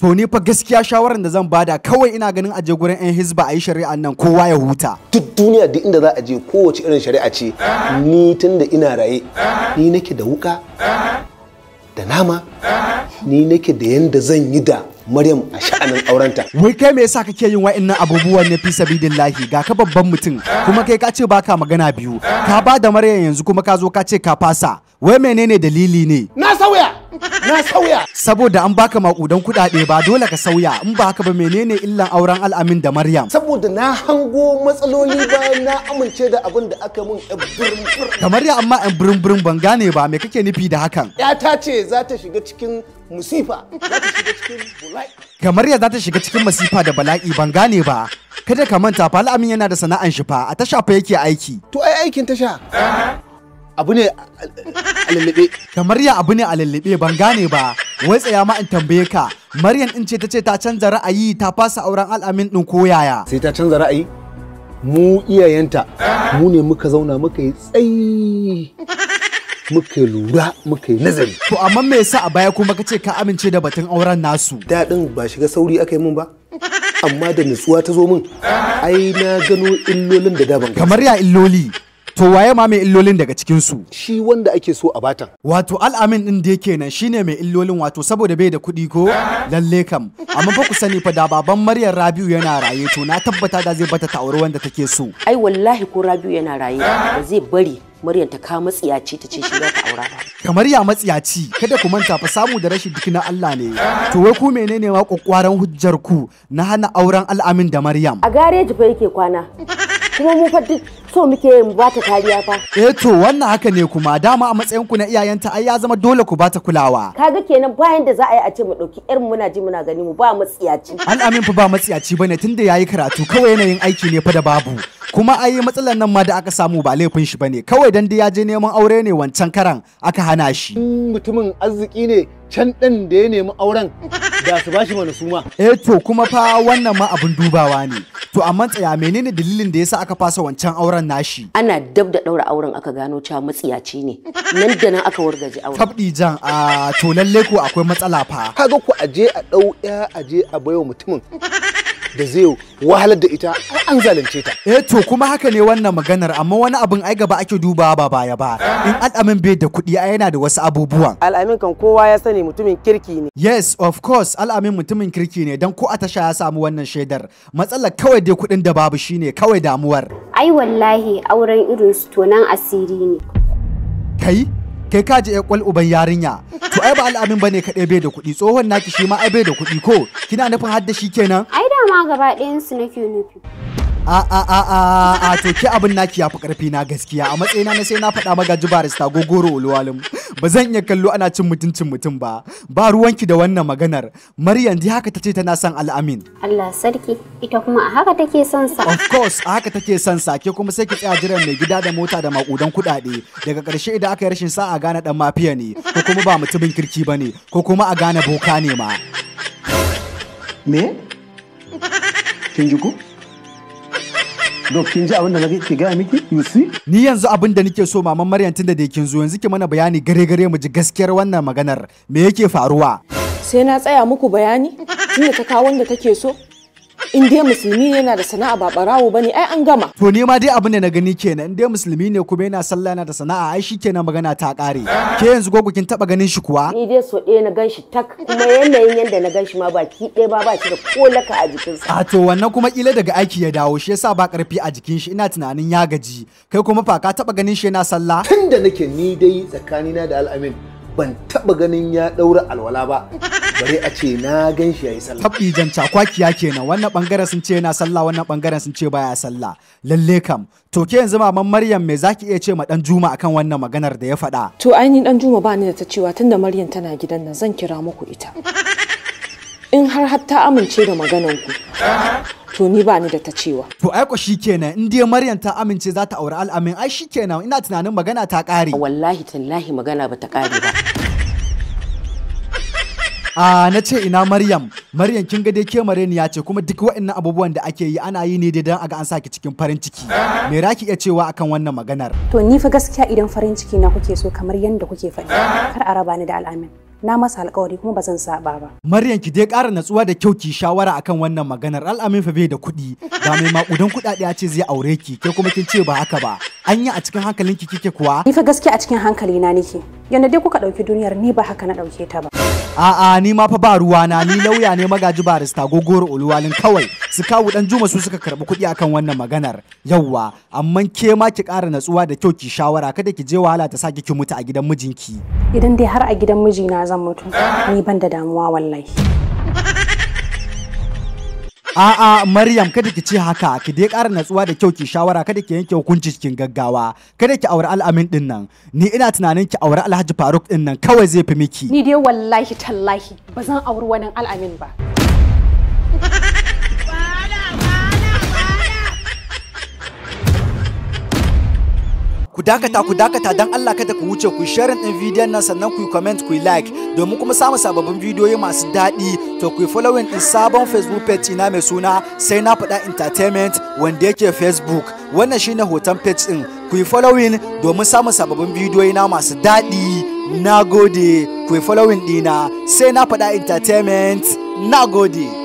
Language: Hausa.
To ni fa gaskiya shawaran da zan bada kawai ina ganin aje gurin 'yan hizba a yi nan kowa ya huta. Duk duniya duk inda za a je kowace irin shari'a ce ni tun da ina raye ni nake da wuka da nama ni nake da yanda zan yi da Maryam a sha'anin aurenta. Wai kai me yasa kake yin wa'annan abubuwan ne fi sabidillahi ga ka babban mutum kuma kai ka ce baka magana biyu ka ba da Maryam yanzu kuma ka zo ka ce ka fasa wai menene dalili ne? Na sauya. na sauya saboda an baka makudan kuɗaɗe ba dole ka sauya in ba ba menene illan auren al'amin da maryam saboda na hango matsaloli ba, na amince da abin da aka mun da maryam amma yan burin-burin, ban gane ba me kake nufi da hakan ta ce za ta shiga cikin musifa ga maryam za ta shiga cikin masifa da bala'i ban gane ba kada ka manta fa al'amin yana da sana'an shi fa a tasha fa yake aiki to ai aikin tasha abu ne a lallabe. Kamar ya abu ne a lallabe ban gane ba. Wai tsaya ma in tambaye ka. Maryam in ce ta ce ta canza ra'ayi ta fasa auren al'amin ɗin ko yaya. Sai ta canza ra'ayi? Mu iyayenta mu ne muka zauna muka yi tsayi muka lura muka yi nazari. To amma me yasa a baya kuma ka ce ka amince da batun auren nasu? Daɗin ba shiga sauri aka yi min ba. Amma da nutsuwa ta zo min. Ai na gano illolin da daban. Kamar ya illoli. to waye ma mai illolin daga cikin su shi wanda ake so a batan wato al'amin din da yake nan shine mai illolin wato saboda bai da kuɗi ko lalle kam amma fa ku sani fa da baban Maryam Rabiu yana raye to na tabbata da zai bata ta aure wanda take so ai wallahi ko Rabiu yana raye ba zai bari Maryam ta ka matsiyaci ta ce shi za ta aura ba. Kamar ya matsiyaci kada ku manta fa samu da rashin duk na Allah ne. To wai ku menene ma kokwaran hujjar ku na hana auren al'amin da Maryam? A gareji fa yake kwana. Kuma mu fa duk so muke mu bata kariya fa. Eh to wannan haka ne kuma dama a matsayin ku na iyayenta ai ya zama dole ku ba ta kulawa. Kaga kenan bayan da za a yi a ce mu dauki irin muna ji muna gani mu ba matsiyaci. amin fa ba matsiyaci bane tunda yayi karatu kawai yanayin aiki ne fa da babu. kuma ai matsalar nan ma da aka samu ba laifin shi bane kawai dan da ya je neman aure ne wancan karan aka hana shi mutumin arziki ne can din da ya nemi auren da su bashi mana suma. Eh to kuma fa wannan ma abin dubawa ne. To amma tsaya menene dalilin da yasa aka fasa wancan auren nashi? Ana dab da daura auren aka gano cewa matsiyaci ne. Nan da nan aka wargaje auren. Tabdi jan a to lalle ko akwai matsala fa. Kaga ku aje a dau a aje a wa mutumin. da zai wahalar da ita an zalunce ta eh to kuma haka ne wannan maganar amma wani abin ai gaba ake dubawa ba baya ba in al'amin bai da kuɗi ai yana da wasu abubuwan al'amin kan kowa ya sani mutumin kirki ne yes of course al'amin mutumin kirki ne dan ko a tasha ya samu wannan shaidar matsalar kawai dai kuɗin da babu shine kawai damuwar ai wallahi auren irin su tonan asiri ne kai kai ka je eh, kwal uban yarinya to ai ba al'amin bane kaɗai bai da kuɗi tsohon naki shi ma ai bai da kuɗi ko kina nufin har da shi kenan ai ma gaba su nake nufi. a a a a a to ki abin naki ya fi karfi na gaskiya a matsayina na sai na faɗa maka jibarista gogoro ulwalum ba zan iya kallo ana cin mutuncin mutum ba ba ruwanki da wannan maganar maryam ji haka tace tana son al'amin Allah sarki ita kuma a haka take son sa of course a haka take son sa ke kuma sai ki tsaya jiran mai gida da mota da makudan kuɗaɗe daga karshe idan aka yi rashin sa gane dan mafiya ne ko kuma ba mutumin kirki bane ko kuma a gane boka ne ma me kin ji ko kin ji abin gaya miki? You see? Ni yanzu abin da nake so maman Maryam tunda da kin zo yanzu ki mana bayani gare gare mu ji gaskiyar wannan maganar. Me yake faruwa? Sai na tsaya muku bayani tunda ta kawo wanda take so. in dai musulmi ne yana da sana'a ba barawo ne ai an gama to ne ma dai abin da na gani kenan in dai musulmi ne kuma yana sallah yana da sana'a ai shi kenan magana ta kare ke yanzu gogo kin taba ganin shi kuwa ni dai so ɗaya na ganshi tak kuma yanayin yanda na ganshi ma baki ɗaya ba ba shi da ko laka a jikinsa a to wannan kuma kila daga aiki ya dawo shi yasa ba karfi a jikin shi ina tunanin ya gaji kai kuma fa ka taba ganin shi yana sallah tunda nake ni dai tsakanina da al'amin ban taba ganin ya daura alwala ba bari a ce na gan shi yayi sallah tabbi jan cakwakiya kenan wannan bangaren sun ce yana sallah wannan bangaren sun ce baya sallah lalle kam to ke yanzu maman Maryam me zaki iya ce ma dan Juma akan wannan maganar da ya faɗa to ainihin dan Juma ba ni da ta cewa tunda Maryam tana gidan nan zan kira muku ita in har har ta amince da maganar ku to ni ba ni da ta cewa to ai ko kenan, in dai Maryam ta amince za ta aure al'amin ai shi kenan ina tunanin magana ta ƙare wallahi tallahi magana ba ta ƙare ba a ah, na ce ina maryam maryam kin ga dai ke mareniya ce kuma duk waɗannan abubuwan da ake yi ana yi ne dai don aga an saki cikin farin ciki me raki iya cewa akan wannan maganar to ni fa gaskiya idan farin ciki na kuke so kamar yanda kuke faɗi kar a raba ni da al'amin na masa alkawari kuma ba zan saba ba. Maryam ki dai ƙara natsuwa da kyau ki shawara akan wannan maganar al'amin fa bai da kuɗi ga mai makudan kuɗaɗe ya ce zai aure ki ke kuma kin ce ba haka ba an yi a cikin hankalinki kike kuwa. Ni fa gaskiya a cikin hankali na nake. yana dai kuka dauki duniyar ni ba haka na dauke ta ba. A'a ni ma fa ba ruwa na ni lauya ne magaji barista gogoro oluwalin kawai su kawo dan juma su suka karbi kuɗi akan wannan maganar yawwa amma ke ma ki ƙara natsuwa da kyau ki shawara kada ki je wahala ta saki ki mutu a gidan mijinki. Idan dai har a gidan mijina zan mutu ni ban da damuwa wallahi. A'a Maryam kada ki ce haka ki dai ƙara natsuwa da kyau ki shawara kada ki yanke hukunci cikin gaggawa kada ki aure al'amin din nan ni ina tunanin ki aure Alhaji Faruk din nan kawai zai fi miki ni dai wallahi tallahi ba zan auri wani al'amin ba ku dakata ku dakata don Allah kada ku wuce ku shirin din bidiyon nan sannan ku comment ku like domin kuma samu sababbin bidiyoyi masu daɗi to ku following din sabon Facebook page ina mai suna sai na faɗa entertainment wanda yake Facebook wannan shine hoton page din ku yi following domin samun sababbin bidiyoyi na masu daɗi na gode ku following ɗina sai na faɗa entertainment na gode